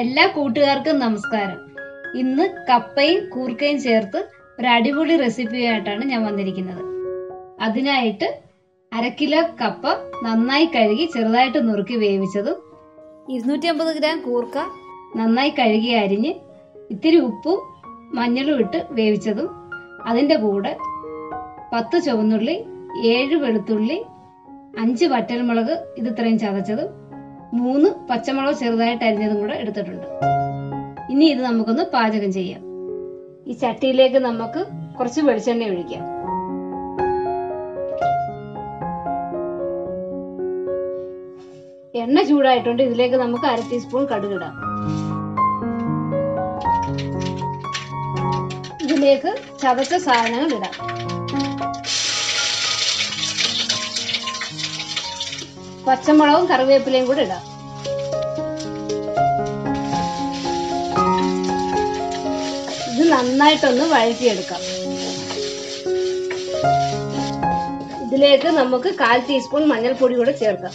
എല്ലാ കൂട്ടുകാർക്കും നമസ്കാരം ഇന്ന് കപ്പയും കൂർക്കയും ചേർത്ത് ഒരു അടിപൊളി റെസിപ്പിയായിട്ടാണ് ഞാൻ വന്നിരിക്കുന്നത് അതിനായിട്ട് അര കിലോ കപ്പ നന്നായി കഴുകി ചെറുതായിട്ട് നുറുക്കി വേവിച്ചതും ഇരുന്നൂറ്റി അമ്പത് ഗ്രാം കൂർക്ക നന്നായി കഴുകി അരിഞ്ഞ് ഇത്തിരി ഉപ്പും മഞ്ഞളും ഇട്ട് വേവിച്ചതും അതിൻ്റെ കൂടെ പത്ത് ചുവന്നുള്ളി ഏഴ് വെളുത്തുള്ളി അഞ്ച് വറ്റൽമുളക് ഇത്രയും ചതച്ചതും മൂന്ന് പച്ചമുളക് ചെറുതായിട്ട് അരിഞ്ഞതും കൂടെ എടുത്തിട്ടുണ്ട് ഇനി ഇത് നമുക്കൊന്ന് പാചകം ചെയ്യാം ഈ ചട്ടിയിലേക്ക് നമുക്ക് കുറച്ച് വെളിച്ചെണ്ണ ഒഴിക്കാം എണ്ണ ചൂടായിട്ടുണ്ട് ഇതിലേക്ക് നമുക്ക് അര ടീസ്പൂൺ കടുകിടാം ഇതിലേക്ക് ചതച്ച സാധനങ്ങൾ ഇടാം പച്ചമുളകും കറിവേപ്പിലയും കൂടെ ഇടാം ഇത് നന്നായിട്ടൊന്ന് വഴറ്റിയെടുക്കാം ഇതിലേക്ക് നമുക്ക് കാൽ ടീസ്പൂൺ മഞ്ഞൾപ്പൊടി കൂടെ ചേർക്കാം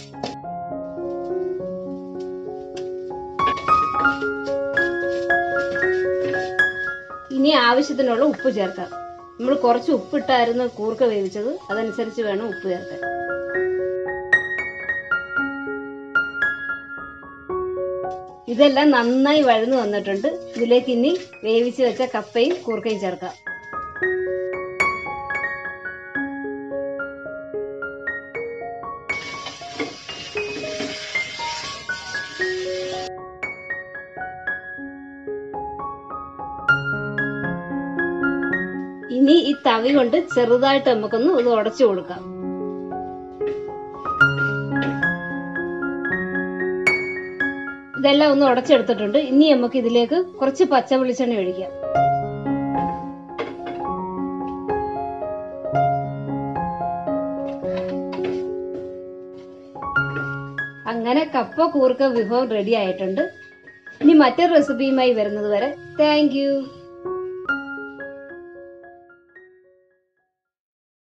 ഇനി ആവശ്യത്തിനുള്ള ഉപ്പ് ചേർക്കാം നമ്മൾ കുറച്ച് ഉപ്പിട്ടായിരുന്നു കൂർക്ക വേവിച്ചത് അതനുസരിച്ച് വേണം ഉപ്പ് ചേർക്കാൻ ഇതെല്ലാം നന്നായി വഴന്നു വന്നിട്ടുണ്ട് ഇതിലേക്ക് ഇനി വേവിച്ച് വെച്ച കപ്പയും കൂർക്കയും ചേർക്കാം ഇനി ഈ തവി കൊണ്ട് ചെറുതായിട്ട് നമുക്കൊന്ന് ഇത് ഉടച്ചു കൊടുക്കാം ഇതെല്ലാം ഒന്ന് ഉടച്ചെടുത്തിട്ടുണ്ട് ഇനി നമുക്ക് ഇതിലേക്ക് കുറച്ച് പച്ച വെളിച്ചെണ്ണ ഒഴിക്കാം അങ്ങനെ കപ്പ കൂർക്ക വിഭവം റെഡി ആയിട്ടുണ്ട് ഇനി മറ്റൊരു റെസിപ്പിയുമായി വരുന്നത് വരെ താങ്ക്